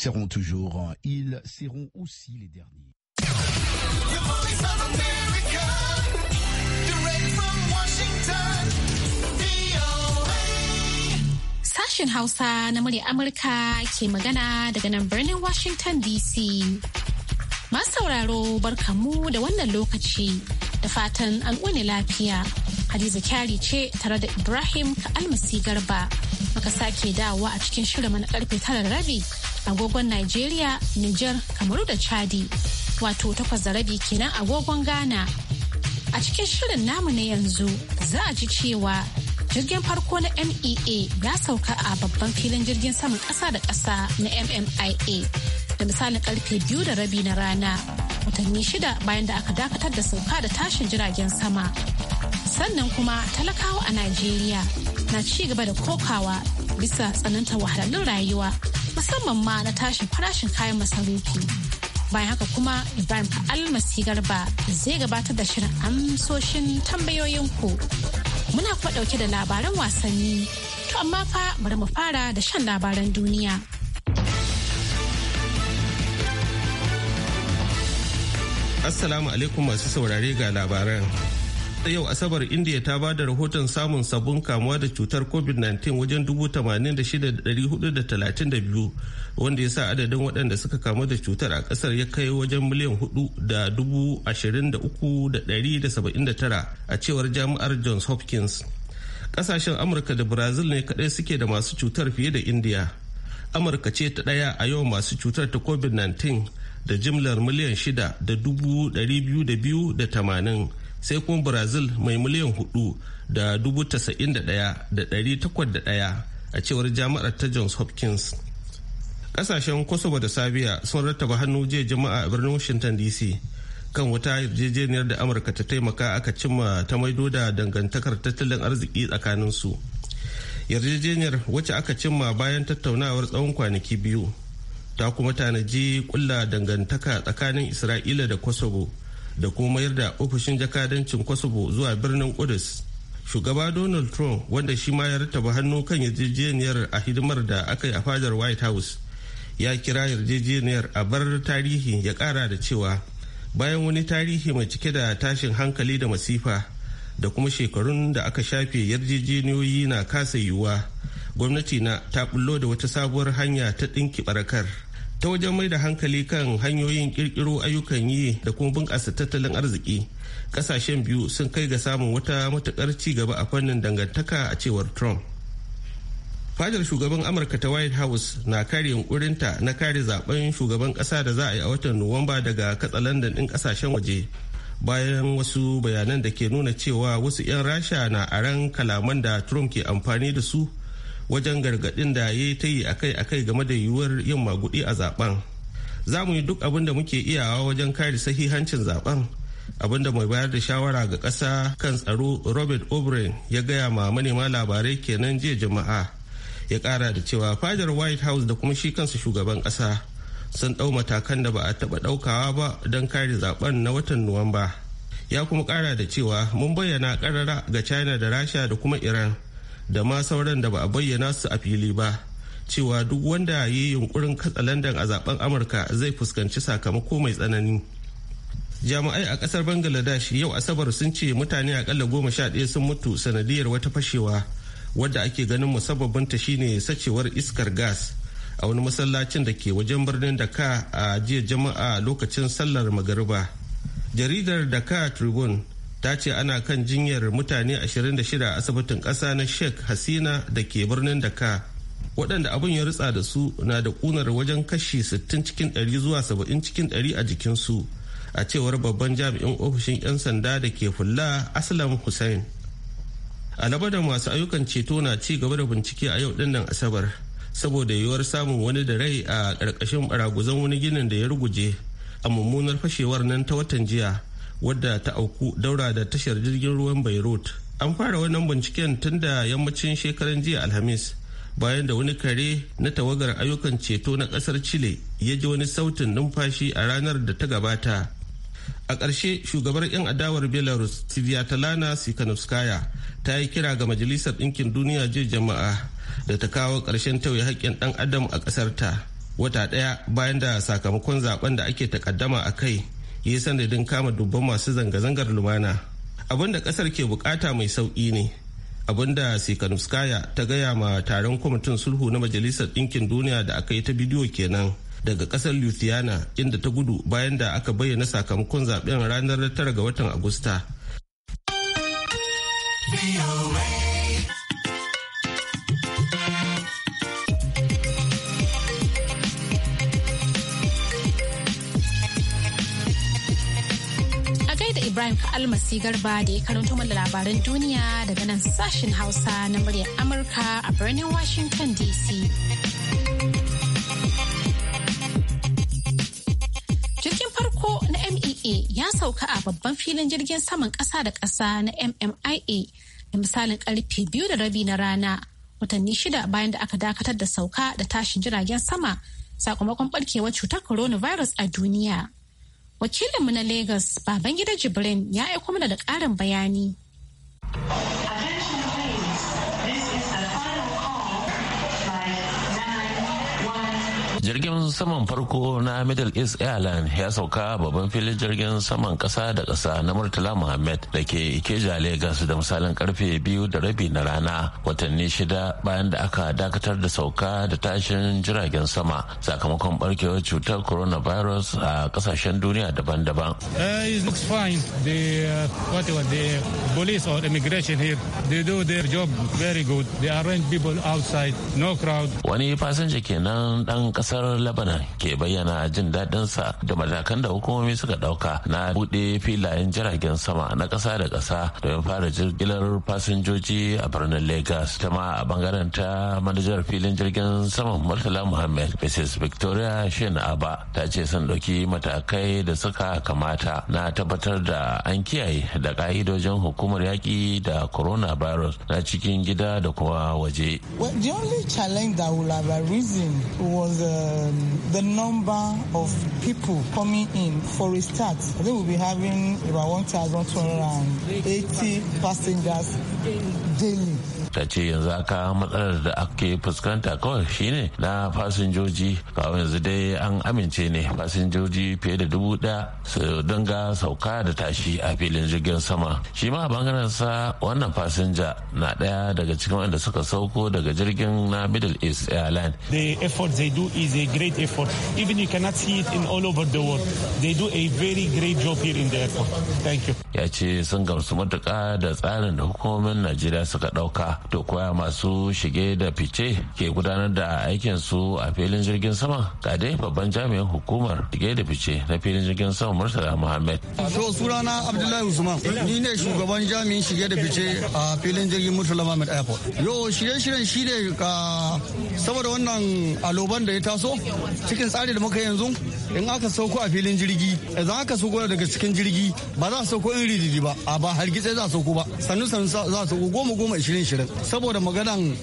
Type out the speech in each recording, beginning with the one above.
seront toujours, ils seront aussi les derniers. Sashen Hausa na murya Amurka ke magana daga nan birnin Washington DC. Masu sauraro barkamu da wannan lokaci da fatan an ƙone lafiya. Hadiza Kyari ce tare da Ibrahim Ka'almasi Garba. Muka sake dawowa a cikin shirin na karfe tara rabi agogon Najeriya, niger Kamaru da Chadi, wato takwas da rabi kenan agogon Ghana. A cikin shirin namu na yanzu za a ji cewa jirgin farko na MEA ya sauka a babban filin jirgin saman ƙasa da ƙasa na MMIA da misalin karfe biyu da rabi na rana watanni shida bayan da aka dakatar da sauka da tashin jiragen sama. Sannan kuma talakawa a Najeriya na ci gaba da kokawa bisa tsananta wahalhalun rayuwa musamman ma na tashin farashin kayan masarufi. Bayan haka kuma Ibrahim Almasi Garba zai gabatar da shirin amsoshin tambayoyin ku Muna kuma ɗauke da labaran wasanni, to amma fa bari mu fara da shan labaran duniya. Assalamu alaikum masu saurare ga labaran. yau asabar india ta ba da rahoton samun sabbin kamuwa da cutar covid-19 wajen 86,432 wanda ya sa adadin waɗanda suka kamu da cutar a ƙasar ya kai wajen miliyan 4,23,179 a cewar jami'ar johns hopkins ƙasashen amurka da brazil ne kaɗai suke da masu cutar fiye da indiya amurka ce ta ɗaya a yau masu cutar ta covid-19 da jimlar miliyan 6,282 da sai kuma brazil mai miliyan hudu da dubu tasa'in da daya da dari takwas da daya a cewar jami'ar ta johns hopkins kasashen kosovo da sabiya sun rattaba hannu jiya jama'a a birnin washington dc kan wata yarjejeniyar da amurka ta taimaka aka cimma ta maido da dangantakar tattalin arziki tsakanin su yarjejeniyar wacce aka cimma bayan tattaunawar tsawon kwanaki biyu ta kuma tanaji kulla dangantaka tsakanin isra'ila da kosovo da kuma mayar da ofishin jakadancin kwasabo zuwa birnin kudus shugaba donald trump wanda shi ma ya rattaba hannu kan yarjejeniyar a hidimar da aka yi a fadar white house ya kira yarjejeniyar a bar tarihi ya kara da cewa bayan wani tarihi mai cike da tashin hankali da masifa da kuma shekarun da aka shafe yarjejeniyoyi na kasa yiwuwa gwamnati na ta bullo da wata sabuwar hanya ta ɗinki barakar ta wajen mai da hankali kan hanyoyin kirkiro ayyukan yi da kuma bunƙasa tattalin arziki ƙasashen biyu sun kai ga samun wata matuƙar ci gaba a fannin dangantaka a cewar trump fadar shugaban amurka ta white house na kare yunkurinta na kare zaben shugaban ƙasa da za a yi a watan nuwamba daga katsalandan ɗin ƙasashen waje bayan wasu bayanan da ke nuna cewa wasu 'yan rasha na aran kalaman da trump ke amfani da su wajen gargaɗin da ya yi ta yi akai-akai game da yiwuwar yin maguɗi a zaben za mu yi duk abin da muke iyawa wajen kare sahihancin zaben abin da mai bayar da shawara ga ƙasa kan tsaro robert o'brien ya gaya ma manema labarai kenan jiya jama'a ya kara da cewa fadar white house da kuma shi kansa shugaban ƙasa sun ɗau matakan da ba a taɓa ɗaukawa ba don kare zaben na watan nuwamba ya kuma ƙara da cewa mun bayyana ƙarara ga china da rasha da kuma iran da ma sauran da ba a bayyana su a fili ba cewa duk wanda ya yi yunkurin katsalandan a zaben amurka zai fuskanci sakamako mai tsanani jami'ai a kasar bangladesh yau asabar sun ce mutane akalla goma sha ɗaya sun mutu sanadiyar wata fashewa wadda ake ganin musabbabin ta shine sacewar iskar gas a wani masallacin da ke wajen birnin daka a jiya jama'a lokacin sallar magariba jaridar daka tribune ta ce ana kan jinyar mutane 26 a asibitin ƙasa na sheikh hasina da ke birnin daka waɗanda abin ya rutsa da su na da ƙunar wajen kashi 60 cikin 100 zuwa 70 cikin 100 a jikinsu a cewar babban jami'in ofishin 'yan sanda da ke fulla aslam hussein alaba da masu ayyukan ceto na ci gaba da bincike a yau dinnan asabar saboda yiwuwar samun wani da rai a ƙarƙashin baraguzan wani ginin da ya ruguje a mummunar fashewar nan ta watan jiya wadda ta auku daura da tashar jirgin ruwan beirut an fara wannan binciken tun da yammacin shekaran jiya alhamis bayan da wani kare na tawagar ayyukan ceto na kasar chile ya ji wani sautin numfashi a ranar da ta gabata a ƙarshe shugabar 'yan adawar belarus sviatlana sikanovskaya ta yi kira ga majalisar ɗinkin duniya jiya jama'a da ta kawo ƙarshen tauye haƙƙin ɗan adam a ƙasarta wata ɗaya bayan da sakamakon zaben da ake takaddama a kai yi sanadin kama dubban masu zanga-zangar lumana abinda kasar ke bukata mai sauki ne abinda sikanuskaya ta gaya ma taron kwamitin sulhu na majalisar ɗinkin duniya da aka yi ta bidiyo kenan daga kasar luthiana inda ta gudu bayan da aka bayyana sakamakon zaben ranar 9 ga watan Agusta. Ibrahim Almasi Garba da ya karanto mana labaran duniya daga nan sashen Hausa na muryar Amurka a birnin Washington DC. Jirgin farko na MEA ya sauka a babban filin jirgin saman ƙasa da ƙasa na MMIA da misalin karfe biyu da rabi na rana watanni shida bayan da aka dakatar da sauka da tashin jiragen sama sakamakon barkewar cutar coronavirus a duniya. wakilinmu na lagos babangida jibrin ya aiko mana da ƙarin bayani jirgin saman farko na middle east airline ya sauka babban filin jirgin saman kasa da kasa na murtala muhammad da ke ikeja lagos da misalin karfe biyu da rabi na rana watanni shida bayan da aka dakatar da sauka da tashin jiragen sama sakamakon barkewar cutar coronavirus a kasashen duniya daban-daban uh, uh, wani fasinja kenan dan kasa kasar Lebanon ke bayyana jin daɗinsa da matakan da hukumomi suka ɗauka na buɗe filayen jiragen sama na kasa da ƙasa domin fara jirgilar fasinjoji a birnin Lagos. Ta ma a bangaren ta manajar filin jirgin sama Murtala Muhammad Mrs. Victoria Shin Aba ta ce sun ɗauki matakai da suka kamata na tabbatar da an kiyaye da ƙa'idojin hukumar yaƙi da corona virus na cikin gida da kuma waje. The only challenge that will have arisen was uh, um, the number of people coming in for a start. I think we'll be having about 1,280 passengers daily. ta ce yanzu aka matsalar da ake fuskanta kawai shine na fasinjoji kawai yanzu dai an amince ne fasinjoji fiye da dubu ɗaya su dinga sauka da tashi a filin jirgin sama shi ma bangaren sa wannan fasinja na daya daga cikin wanda suka sauko daga jirgin na middle east airline the effort they do is a great effort even you cannot see it in all over the world they do a very great job here in the airport thank you ya ce sun gamsu matuka da tsarin da hukumomin najeriya suka dauka. to koya masu shige da fice ke gudanar da aikin su a filin jirgin sama ga dai babban jami'in hukumar shige da fice na filin jirgin sama murtala muhammad to sunana abdullahi usman ni ne shugaban jami'in shige da fice a filin jirgin murtala muhammad airport yo shirye-shiryen shi ne ah, saboda wannan aloban da ya taso cikin tsari da muka yanzu in aka sauko a filin jirgi idan aka sauko daga cikin jirgi ba za a sauko in rididi ba a ba hargitse za a sauko ba sannu sannu za a sauko goma goma ishirin shirin saboda maganan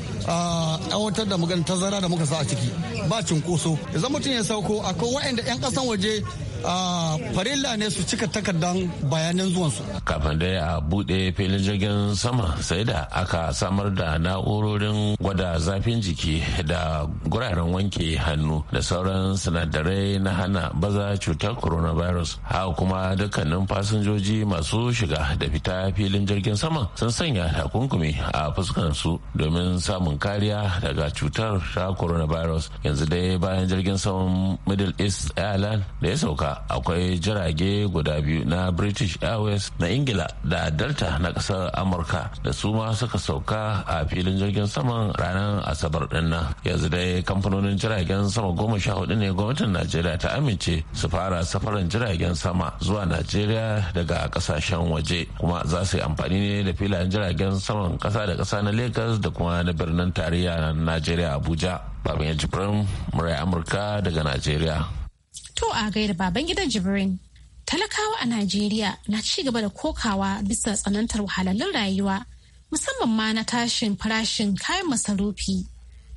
aiwatar da maganin tazara da muka sa a ciki ba cunkoso zama mutum ya sauko akwai waɗanda 'yan ƙasan waje Ah, farilla ne su cika takardar bayanan zuwansu. Kafin dai a bude filin jirgin sama sai da aka samar da na'urorin gwada zafin jiki da guraren wanke hannu da sauran sinadarai na hana baza cutar coronavirus. Haka kuma dukkanin fasinjoji masu shiga da fita filin jirgin sama sun sanya takunkumi a su domin samun kariya daga cutar ta coronavirus. Yanzu dai bayan jirgin saman Middle East Airlines da ya sauka akwai jirage guda biyu na british airways na ingila da delta na kasar amurka da su ma suka sauka a filin jirgin saman ranar asabar dinnan yanzu dai kamfanonin jiragen sama goma sha hudu ne gwamnatin najeriya ta amince su fara safaran jiragen sama zuwa najeriya daga kasashen waje kuma za su yi amfani ne da filayen jiragen saman kasa da kasa na lagos da kuma na birnin tarayya na najeriya abuja babin ya jibrin murai amurka daga najeriya To a gaida baban gidan Jibrin. Talakawa a Najeriya na ci gaba da kokawa bisa tsanantar wahalhalun rayuwa musamman ma na tashin farashin kayan masarufi.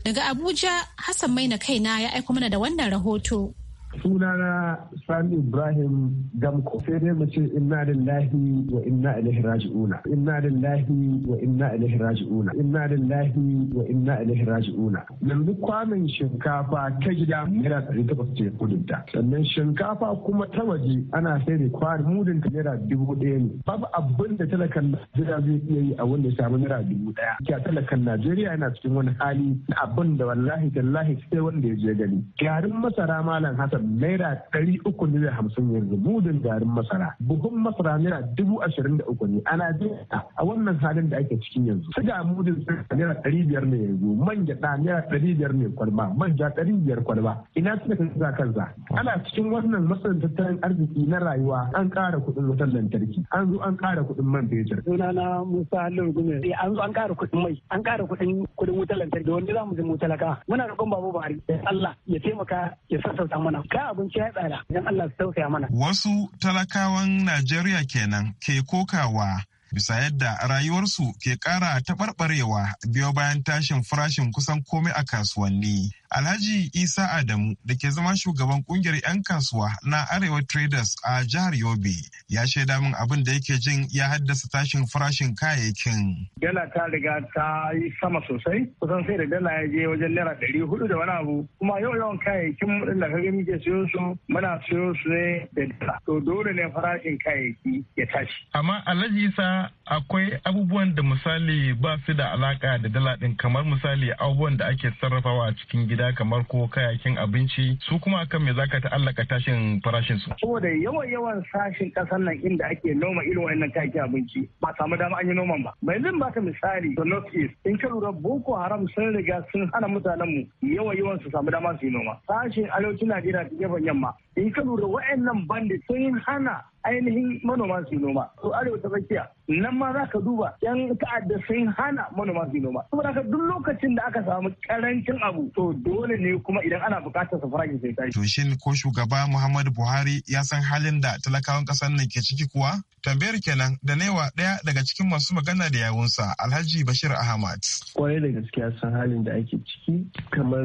Daga Abuja, Hassan Maina kaina ya aiko mana da wannan rahoto. sunana sami ibrahim Damko. sai dai mu ce inna lillahi wa inna ilaihi raji'una inna lillahi wa inna ilaihi raji'una inna lillahi wa inna ilaihi raji'una yanzu kwamin shinkafa ta gida naira ɗari takwas ce kudin ta sannan shinkafa kuma ta waje ana sai da kwari mudin ta naira dubu ɗaya ne babu abin da talakan najeriya zai iya yi a wanda ya samu naira dubu ɗaya kya talakan najeriya yana cikin wani hali na abin da wallahi tallahi sai wanda ya je gani garin masara malam hasan naira ɗari uku naira da hamsin yanzu budin garin masara buhun masara naira dubu ashirin da uku ne a najeriya a wannan halin da ake cikin yanzu siga mudin naira ɗari biyar ne yanzu man gyaɗa naira ɗari biyar ne kwalba manja ɗari biyar kwalba ina suka kan za kanza ana cikin wannan masarar tattalin arziki na rayuwa an ƙara kuɗin wutar lantarki an zo an ƙara kuɗin man fetur. na musa lurgume eh, an zo an ƙara kuɗin mai an ƙara kuɗin kuɗin wutar lantarki wanda za mu ji mu talaka muna roƙon babu bari allah ya taimaka ya sassauta mana ka abinci ya tsada idan Allah su tausaya mana. Wasu talakawan Najeriya kenan ke kokawa bisa yadda rayuwarsu ke ƙara taɓarɓarewa biyo bayan tashin farashin kusan komai a kasuwanni Alhaji Isa Adamu da ke zama shugaban kungiyar 'yan kasuwa na Arewa Traders a jihar Yobe ya shaida min abin da yake jin ya haddasa tashin farashin kayayyakin. Dala ta riga ta yi sama sosai kusan sai da dala ya je wajen naira ɗari hudu da wani abu kuma yau yawan kayayyakin mu da kaga muke siyo su muna siyo su ne da dala to dole ne farashin kayayyaki ya tashi. Amma Alhaji Isa akwai abubuwan da misali ba su da alaka da dala ɗin kamar misali abubuwan da ake sarrafawa a cikin gida. gida kamar ko kayakin abinci su kuma kan me zaka ta'allaka tashin farashin su saboda yawan yawan sashin kasar nan inda ake noma irin wannan kayakin abinci ba samu dama an yi noman ba bai zan baka misali da north east in ka lura boko haram sun riga sun hana mutanen mu yawan yawan su samu dama su yi noma sashin na najeriya ta gefen yamma in ka lura wa'annan bandit sun hana ainihin manoma su noma to arewa ta tsakiya nan ma za ka duba yan ta'adda sun hana manoma su noma saboda ka duk lokacin da aka samu karancin abu to dole ne kuma idan ana bukatar sa farashi sai tashi to shin ko shugaba Muhammadu Buhari ya san halin da talakawan kasar nan ke ciki kuwa tambayar kenan da newa daya daga cikin masu magana da yawunsa Alhaji Bashir Ahmad kwarai da gaskiya san halin da ake ciki kamar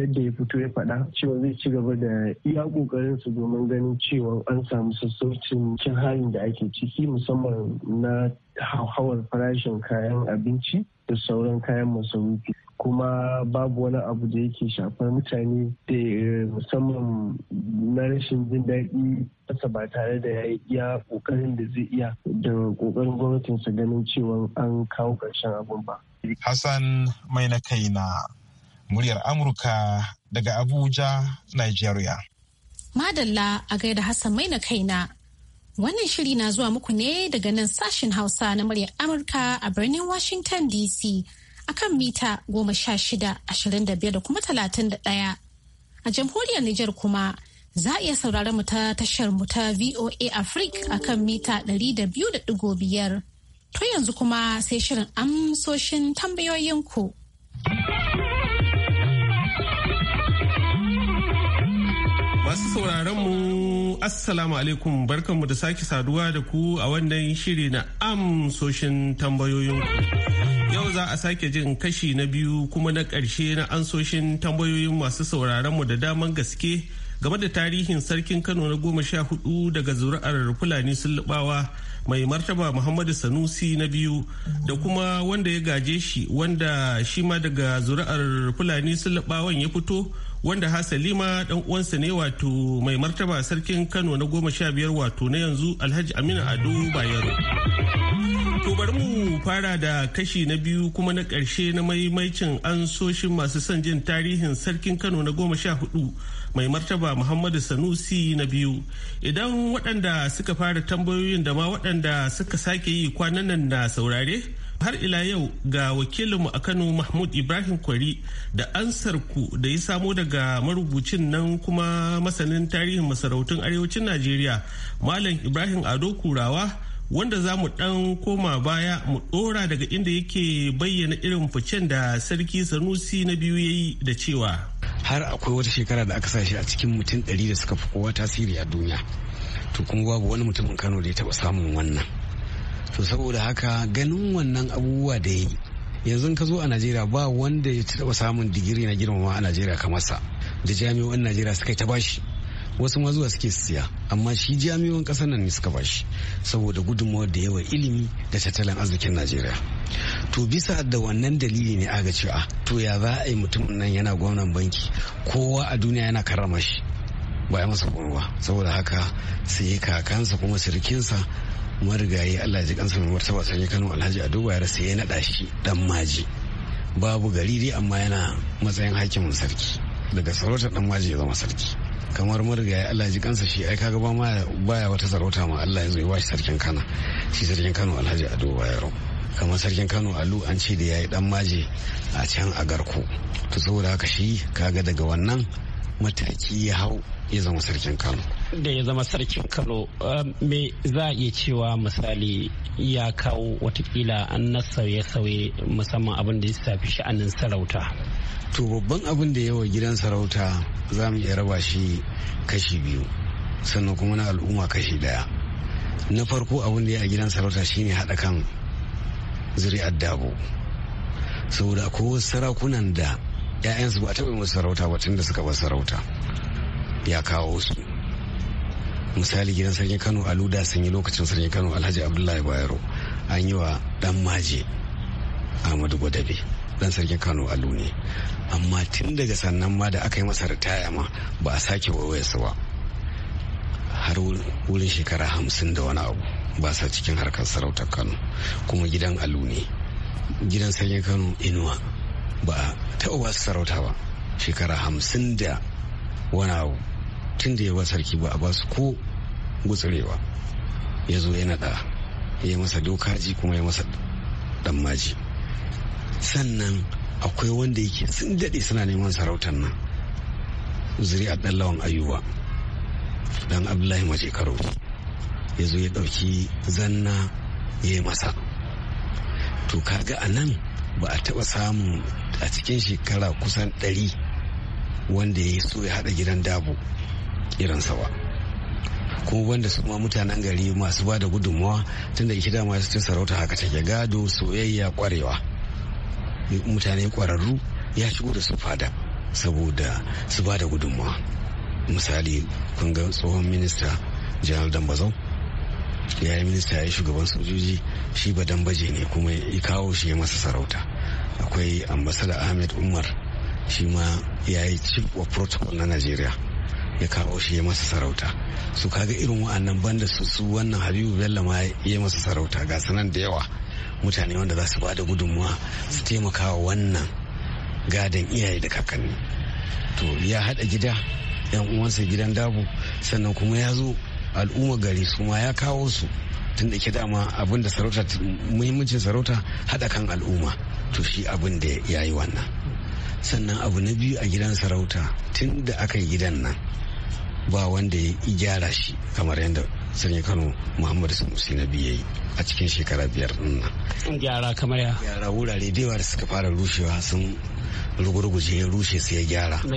yadda ya fito ya faɗa cewa zai ci gaba da iya kokarin su domin ganin cewa an samu sassauci cin halin da ake ciki musamman na hauhawar farashin kayan abinci da sauran kayan masarufi kuma babu wani abu da yake shafar mutane da musamman na rashin jin daɗi kasa ba tare da ya iya ƙoƙarin da zai iya da ƙoƙarin su ganin cewa an kawo ƙarshen abin ba. Hassan mai na kai na muryar Amurka daga Abuja, Nigeria. Madalla a gaida Hassan mai na kaina. Wannan shiri na zuwa muku ne daga nan sashen Hausa na muryar Amurka a birnin Washington DC akan mita goma sha shida ashirin da biyar da kuma talatin da ɗaya. A jamhuriyar Nijar kuma za a iya sauraron mu ta tashar mu ta VOA Africa akan mita ɗari da biyu da ɗigo biyar. To yanzu kuma sai shirin amsoshin tambayoyinku. Masu sauraron mu assalamu alaikum barkanmu da sake saduwa da ku a wannan shiri na amsoshin tambayoyin ku. yau za a sake jin kashi na biyu kuma na ƙarshe na ansoshin tambayoyin masu sauraron mu da daman gaske game da tarihin sarkin kano na goma sha hudu daga zuri'ar fulani sulubawa mai martaba muhammadu sanusi na biyu da kuma wanda ya gaje shi wanda shi ma daga zuri'ar fulani sulubawan ya fito wanda lima dan uwansa ne wato mai martaba sarkin kano na goma sha biyar wato na yanzu alhaji aminu ado bayero to bari mu fara da kashi na biyu kuma na ƙarshe na maimaicin an soshin masu son jin tarihin sarkin kano na goma sha hudu mai martaba muhammadu sanusi na biyu idan waɗanda suka fara tambayoyin da ma waɗanda suka sake yi kwanan nan na saurare har ila yau ga wakilinmu a kano mahmud ibrahim kwari da ansar ku da ya samo daga marubucin nan kuma masanin tarihin masarautun arewacin najeriya malam ibrahim ado kurawa wanda za mu dan koma baya mu dora daga inda yake bayyana irin ficen da sarki sanusi na biyu ya yi da cewa har akwai wata shekara da aka sa a cikin mutum 100 da suka fi kowa tasiri a duniya to kuma babu wani mutumin kano da ya taba samun wannan to saboda haka ganin wannan abubuwa da ya yi yanzu ka zo a najeriya ba wanda ya taba samun digiri na girmama a najeriya kamar sa da jami'o'in najeriya suka ta bashi wasu ma zuwa suke siya amma shi jami'o'in ƙasar nan ne suka bashi saboda gudunmawar da yawa ilimi da tattalin arzikin najeriya to bisa da wannan dalili ne aga cewa to ya za a yi mutum nan yana gwamnan banki kowa a duniya yana karrama shi ba ya masa ba saboda haka sai kakansa kuma sirikinsa marigayi allah ji kansa mai martaba sanya kano alhaji aduba ya rasa ya naɗa shi dan maji babu gari dai amma yana matsayin hakimin sarki daga sarautar dan maji ya zama sarki kamar marigayi allah ji kansa shi ai kaga ba ma baya wata sarauta ma allah ya zo ya bashi sarkin kana shi sarkin kano alhaji aduba ya kamar sarkin kano alu an ce da yayi yi dan maji a can a garko to saboda haka shi kaga daga wannan mataki ya hau ya zama sarkin kano da ya zama sarkin kano eh, me za a iya cewa misali ya kawo watakila an na sauye-sauye musamman abin da ya shafi sha'anin sarauta to babban abin da yawa gidan sarauta za mu iya raba shi kashi biyu sannan kuma na al'umma kashi daya na farko abin da ya a gidan sarauta shine haɗa kan zuri'ar dabo saboda ko sarakunan da 'ya'yansu ba a taɓa musu sarauta ba tun da suka ba sarauta ya kawo su misali gidan sarkin kano a luda sanyi lokacin sarkin kano alhaji abdullahi bayero an yi wa dan maje ahmadu gwadabe dan sarkin kano alu ne amma tun daga sannan ma da aka yi masa ritaya ma ba a sake su ba har wurin shekara hamsin da wani abu ba sa cikin harkar sarautar kano kuma gidan alu ne gidan sarkin kano inuwa ba ta uwa su sarauta ba shekara hamsin da wani abu tun da yawa sarki ba a ba su ko gutsurewa ya zo ya naɗa ya masa dokaji kuma ya masa dan sannan akwai wanda yake sun daɗe suna neman sarautar nan zuri'a ɗan lawan ayuwa dan abdullahi mace karo ya zo ya ɗauki zanna ya yi masa to kaga a nan ba a taɓa samun a cikin shekara kusan ɗari wanda ya so ya haɗa gidan dabo irin ba kuma wanda su ma mutanen gari masu ba da gudunmawa tun da masu cin sarauta haka take gado soyayya kwarewa mutane kwararru ya shigo da su fada saboda su ba da gudunmawa misali kun ga tsohon minista janar dambazau ya yi minista ya yi shugaban sojoji shi ba dambaje ne kuma ya kawo shi ya masa sarauta akwai ambasada ahmed umar shi ma ya yi chief of protocol na najeriya ya kawo shi ya masa sarauta su kaga irin wa'annan banda su su wannan habibu bello ma ya masa sarauta ga sanan da yawa mutane wanda za su ba da gudunmuwa su taimaka wa wannan gadon iyaye da kakanni to ya hada gida yan uwansa gidan dabu sannan kuma ya zo al'umma gari su ma ya kawo su tun da ke dama abin da sarauta muhimmancin sarauta hada kan al'umma to shi abin da ya yi wannan sannan abu na biyu a gidan sarauta tun da aka yi gidan nan ba wanda ya gyara shi kamar yadda sanya kano muhammadu sanusi na biyayi a cikin shekara biyar nan gyara kamar ya gyara wurare da da suka fara rushewa sun rugurguje ya rushe sai ya gyara na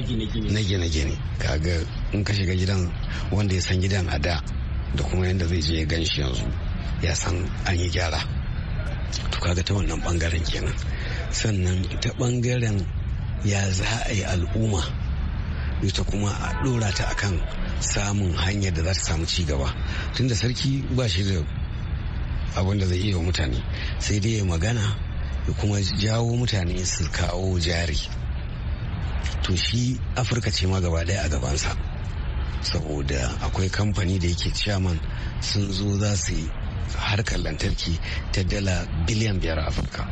gine-gine kaga in ka shiga gidan wanda ya san gidan a da da kuma yadda zai je ya gan shi yanzu ya san an yi gyara to kaga ta wannan bangaren kenan sannan ta bangaren ya za a yi al'umma ita kuma a ɗora ta akan samun hanyar da za ta samu ci gaba tunda sarki ba shi da abin da zai iya mutane sai dai ya magana ya kuma jawo mutane su kawo jari to shi afirka ce ma gaba daya a gabansa saboda akwai kamfani da yake chairman sun zo za su yi harkar lantarki ta dala biliyan biyar a afirka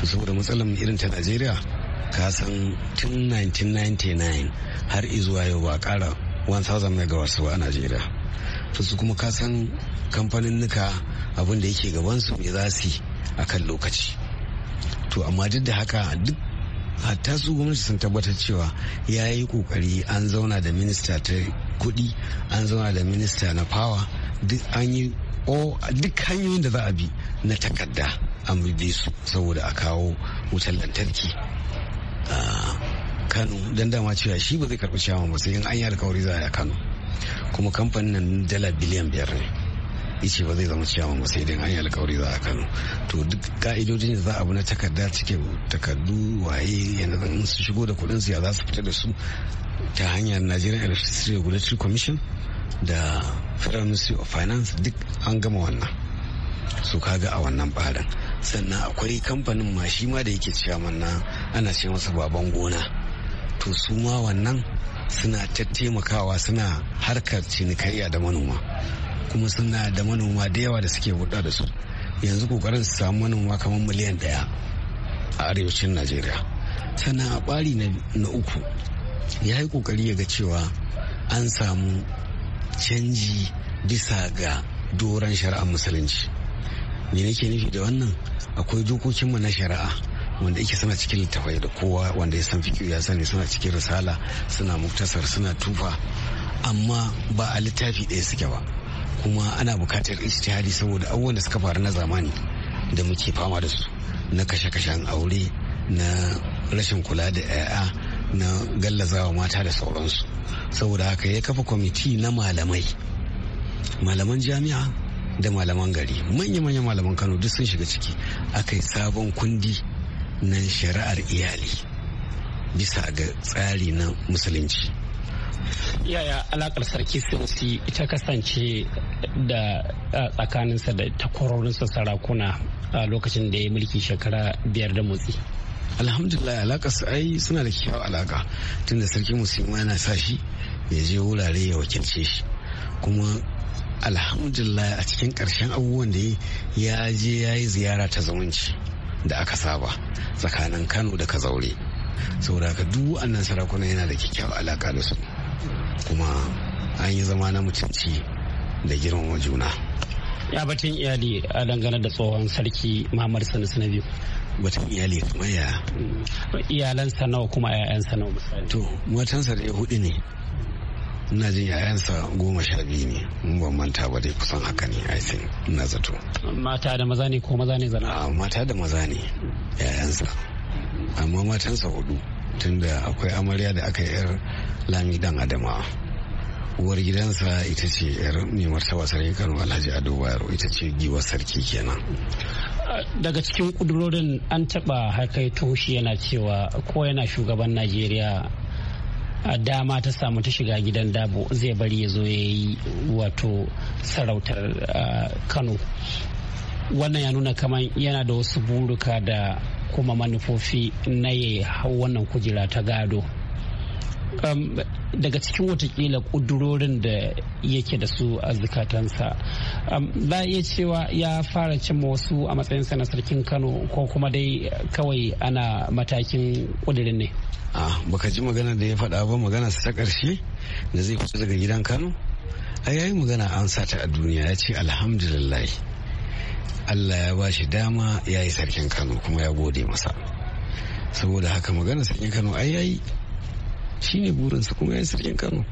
to saboda matsalar irin ta najeriya kasan tun 1999 har izuwa yau ba kara 1000 megawatts ba a najeriya to su kuma kasan kamfanin nuka abin da yake gabansu me za su a kan lokaci to amma duk da haka duk hatta su gwamnati sun tabbatar cewa ya yi kokari an zauna da minista ta kudi an zauna da minista na fawa duk an yi duk hanyoyin da za a bi na takarda an bi su saboda a kawo wutar lantarki kano don dama cewa shi ba zai karɓi ciyawan ba sai in an yi alkawari za a yi kano kuma kamfanin nan dala biliyan biyar ne ice ba zai zama ciyawan ba sai an yi alkawari za a kano to duk ka'idojin da za a bi na takarda cike takardu waye yanzu su shigo da kuɗin su ya za su fita da su ta hanyar nigerian electricity regulatory commission da federal ministry of finance duk an gama wannan su kaga a wannan ɓarin sannan akwai kamfanin ma shi ma da yake ciyaman na ana ce masa baban gona to su ma wannan suna ta taimakawa suna harkar cinikayya da manoma kuma suna da manoma da yawa da suke hudu da su yanzu kokarin su samu manoma kamar miliyan daya a arewacin najeriya sannan a bari na uku ya yi kokari ya ga cewa an samu canji bisa ga doron shari'ar musulunci me nake nufi da wannan akwai dokokinmu na shari'a wanda yake suna cikin littafai da kowa wanda ya san fikiyu ya sani suna cikin risala suna muktasar suna tufa amma ba a littafi ɗaya suke ba kuma ana buƙatar ijtihadi saboda abubuwan da suka faru na zamani da muke fama da su na kashe-kashen aure na rashin kula da 'ya'ya na gallazawa mata da sauransu saboda haka ya kafa kwamiti na malamai malaman jami'a da malaman gari manya-manyan malaman kano duk sun shiga ciki aka yi sabon kundi nan shari'ar iyali bisa ga tsari na musulunci yaya alakar sarki sinsi ita kasance da tsakaninsa da takwarorinsa sarakuna a lokacin da ya mulki shekara biyar da motsi alhamdulillah su ai suna da kyau alaka tunda sarki musulma yana sa shi ya je wurare ya wakilce shi kuma alhamdulillah a cikin karshen abubuwan da ya je ya yi ziyara ta zumunci da aka saba tsakanin kano da kazaure saboda haka duk wannan sarakuna yana da kyakkyawar alaka da su kuma an yi zama na mutunci da girmama juna ya batun iyali a dangane da tsohon sarki mamar sanu na biyu batun iyali kuma ya mm. iyalansa nawa kuma 'ya'yansa nawa misali to matansa da ya hudu ne ina jin yayansa goma sha biyu ne mun ban manta ba dai kusan haka ne i think ina zato mata da maza ne ko maza ne zana ah, mata da maza ne yayansa amma matansa hudu tunda akwai amarya da aka yi yar lami dan adama uwar gidansa ita ce yar mai martaba sarki kano alhaji ado bayero ita ce giwar sarki kenan daga cikin kudurorin an taba ya shi yana cewa ko yana shugaban najeriya dama ta samu ta shiga gidan dabo zai bari ya zo ya yi wato sarautar kano wannan ya nuna kamar yana da wasu buruka da kuma manufofi na ya wannan kujera ta gado Um, daga cikin watakila kudurorin da yake da su a zukatansa um, za iya cewa ya fara cimma wasu a matsayinsa na sarkin kano ko kuma dai kawai ana matakin kudirin ne baka ji magana da ya faɗa ba magana ta ƙarshe da zai kusa daga gidan kano a yayi magana an sata a duniya ya ce alhamdulillah allah ya ba shi dama ya yi sarkin kano kuma ya gode masa saboda haka magana sarkin kano ai yayi shi ne burinsa kuma yi sarkin kano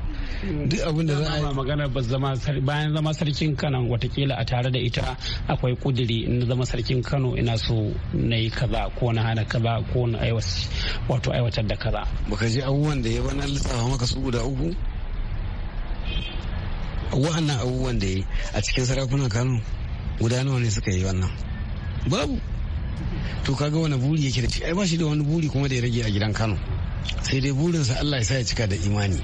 duk abin da za a yi magana ba zama bayan zama sarkin kano watakila a tare da ita akwai kudiri na zama sarkin kano ina so na yi kaza ko na hana kaza ko na wato aiwatar da kaza baka ji abubuwan da ya bana lissafa maka su guda uku wa'annan abubuwan da ya a cikin sarakunan kano guda nawa ne suka yi wannan babu to kaga wani buri yake da shi ai ba shi da wani buri kuma da ya rage a gidan kano sai dai burinsa allah ya sa ya cika da imani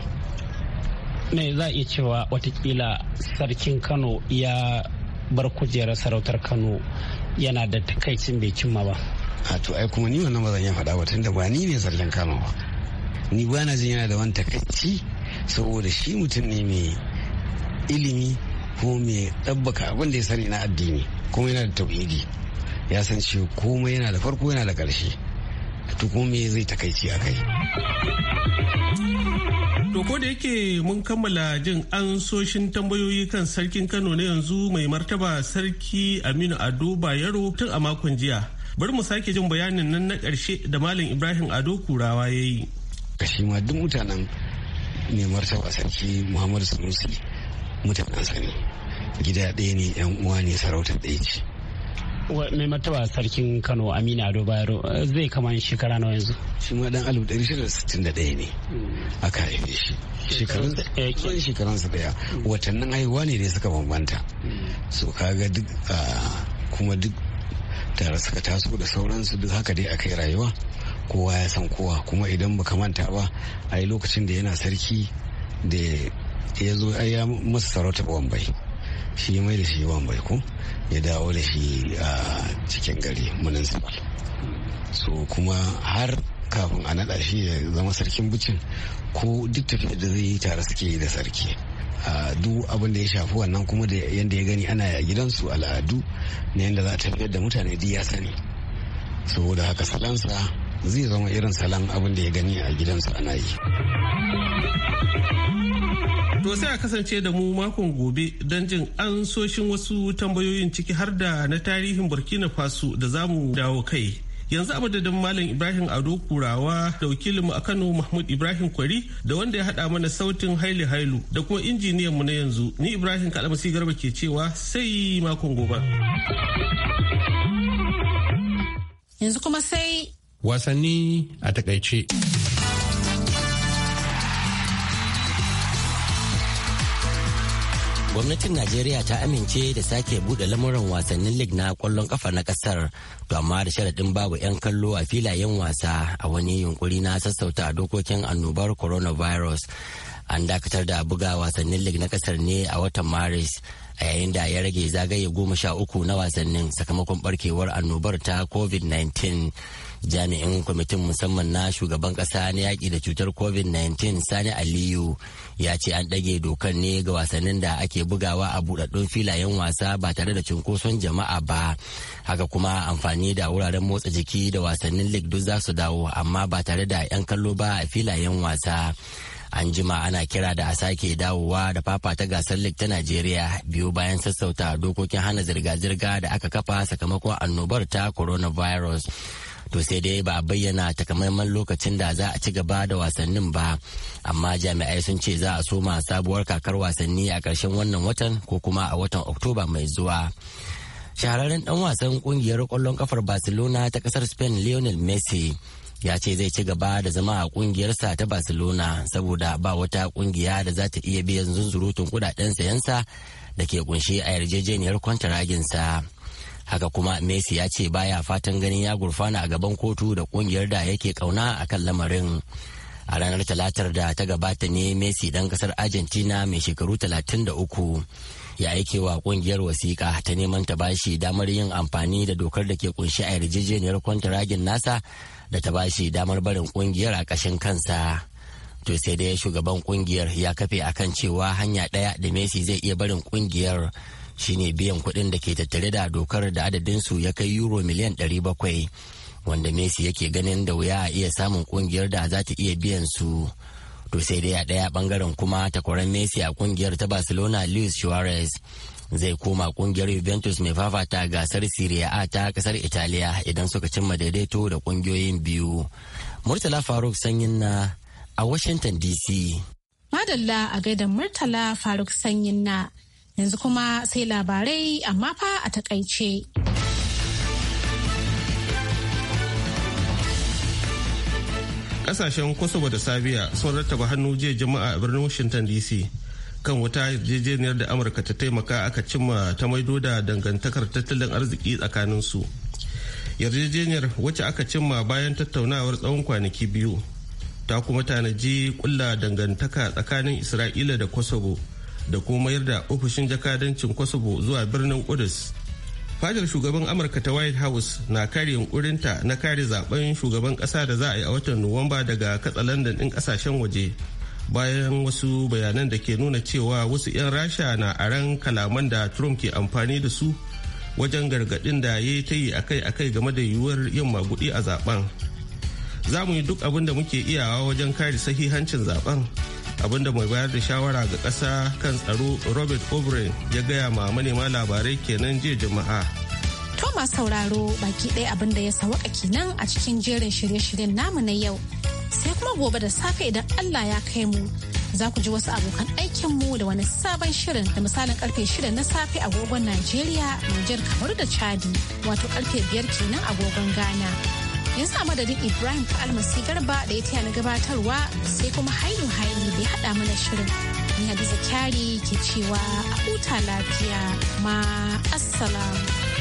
me za a iya cewa watakila sarkin kano ya bar kujerar sarautar kano yana da takaicin bai cimma ba a to ai kuma ni wannan ba zan iya faɗa ba tunda ba ni ne sarkin kano ba ni ba na jin yana da wani takaici saboda shi mutum ne mai ilimi ko mai ɗabbaka abin da ya sani na addini kuma yana da tauhidi ya san cewa komai yana da farko yana da ƙarshe to zai takaici a kai to ko da yake mun kammala jin an soshin tambayoyi kan sarkin kano na yanzu mai martaba sarki aminu ado bayero tun a makon jiya bari mu sake jin bayanin nan na ƙarshe da malam ibrahim ado kurawa ya yi kashi ma duk mutanen ne martaba sarki muhammadu sanusi mutanen sani gida ɗaya ne yan uwa ne sarauta ɗaya ce mai martaba sarkin kano amina ado bayero eh, zai kama shekara nawa yanzu shi ma dan alif ɗari shida sittin da ɗaya ne hmm. aka haife shi shekarun sa daya hmm. watannin haihuwa ne da suka bambanta hmm. so kaga duk kuma duk tare suka taso da sauransu duk haka dai aka yi rayuwa kowa ya san kowa kuma idan baka manta ba a yi lokacin da yana sarki da ya zo ya masa sarauta bambai shi mai da shi wan baiko ya dawo da shi a cikin gari munin municipal so kuma har kafin a naɗa shi ya zama sarkin bucin ko duk tafiya da zai yi tare suke yi da sarki duk abin da ya shafi wannan kuma da yadda ya gani ana a gidansu al'adu na yadda za a tafiyar da mutane duk ya sani saboda haka salansa zai zama irin salan abin da ya gani a gidansu ana yi To sai a kasance da mu makon gobe don jin an soshin wasu tambayoyin ciki har da na tarihin Burkina Faso da za mu dawo kai. Yanzu a madadin Malam Ibrahim Ado Kurawa da wakilinmu a Kano Mahmud Ibrahim Kwari da wanda ya haɗa mana sautin Haile Hailu da kuma injiniyan mu na yanzu ni Ibrahim Kalamasi Garba ke cewa sai makon gobe. Yanzu kuma sai wasanni a takaice. gwamnatin najeriya ta amince da sake bude lamuran wasannin lig na kwallon kafa na kasar to amma da sharadin babu 'yan kallo a filayen wasa a wani yunkuri na sassauta dokokin annobar coronavirus an dakatar da buga wasannin lig na kasar ne a watan maris a yayin da ya rage zagaye goma sha uku na wasannin sakamakon barkewar annobar ta covid-19 jami'in kwamitin musamman na shugaban kasa na yaƙi da cutar covid-19 sani aliyu ya ce an ɗage dokar ne ga wasannin da ake bugawa a buɗaɗɗun filayen wasa ba tare da cunkoson jama'a ba haka kuma amfani da wuraren motsa jiki da wasannin lig duk za su dawo amma ba tare da 'yan kallo ba a filayen wasa an jima ana kira da a sake dawowa da fafata gasar lik ta najeriya biyu bayan sassauta dokokin hana zirga-zirga da aka kafa sakamakon annobar ta coronavirus to sai dai ba a bayyana takamaiman lokacin da za a ci gaba da wasannin ba amma jami'ai sun ce za a soma sabuwar kakar wasanni a ƙarshen wannan watan ko kuma a watan oktoba mai zuwa shahararren dan wasan kungiyar kwallon kafar barcelona ta kasar spain lionel messi ya ce zai ci gaba da zama a kungiyarsa ta barcelona saboda ba wata kungiya da za ta iya biyan zunzurutun kudaden sayansa da ke kunshi a yarjejeniyar kwantaraginsa. sa haka kuma messi ya ce baya fatan ganin ya gurfana a gaban kotu da kungiyar da yake kauna a kan lamarin a ranar talatar da ta gabata ne messi dan kasar argentina mai shekaru 33 ya aike wa kungiyar wasiƙa ta neman ta bashi damar yin amfani da dokar da ke kunshi a yarjejeniyar kwantaragin nasa da ta bashi damar barin kungiyar a ƙashin kansa to sai dai shugaban kungiyar ya kafe akan cewa hanya ɗaya da messi zai iya barin kungiyar shine biyan kuɗin da ke tattare da dokar da adadinsu ya kai euro miliyan 700 wanda messi yake ganin da wuya a iya samun kungiyar da za ta iya biyan su to sai dai a ɗaya bangaren kuma takwaran messi a kungiyar ta barcelona luis suarez zai koma kungiyar juventus mai fafata gasar serie a ta kasar italiya idan suka cimma daidaito da kungiyoyin biyu murtala faruk sanyin na a washington dc madalla a gaida murtala faruk sanyin na Yanzu kuma sai labarai amma fa a takaice. Kasashen Kosovo da Sabiya sun rattaba hannu jiya jama'a a birnin Washington DC kan wata yarjejeniyar da Amurka ta taimaka aka cimma ta maido da dangantakar tattalin arziki tsakanin su Yarjejeniyar wacce aka cimma bayan tattaunawar tsawon kwanaki biyu. ta kuma tanaji kulla dangantaka tsakanin isra'ila da kosovo da kuma mayar da ofishin jakadancin kwasabo zuwa birnin kudus fadar shugaban amurka ta white house na kare yunkurinta na kare zaben shugaban kasa da za a yi a watan nuwamba daga katsalandan ɗin kasashen waje bayan wasu bayanan da ke nuna cewa wasu 'yan rasha na aran kalaman da trump ke amfani da su wajen gargadin da ya yi ta yi akai-akai game da yiwuwar yin maguɗi a zaben za mu yi duk abin da muke iyawa wajen kare sahihancin zaben abinda mai bayar da shawara ga ƙasa kan tsaro robert o'brien ya gaya ma manema labarai kenan jiya jama'a toma sauraro baki ɗaya abinda ya sawaka kenan a cikin jerin shirye-shiryen namu na yau sai kuma gobe da safe idan allah ya kai mu za ku ji wasu abokan aikinmu da wani sabon shirin da misalin karfe 6 na safe agogon Najeriya, Nijar kamar da Chadi, wato karfe 5 kenan agogon Ghana. yanzu a madadin ibrahim ka almasi garba da ya taya na gabatarwa sai kuma hailu haili da ya haɗa mana shirin ni hadiza kyari ke cewa a huta lafiya ma assalamu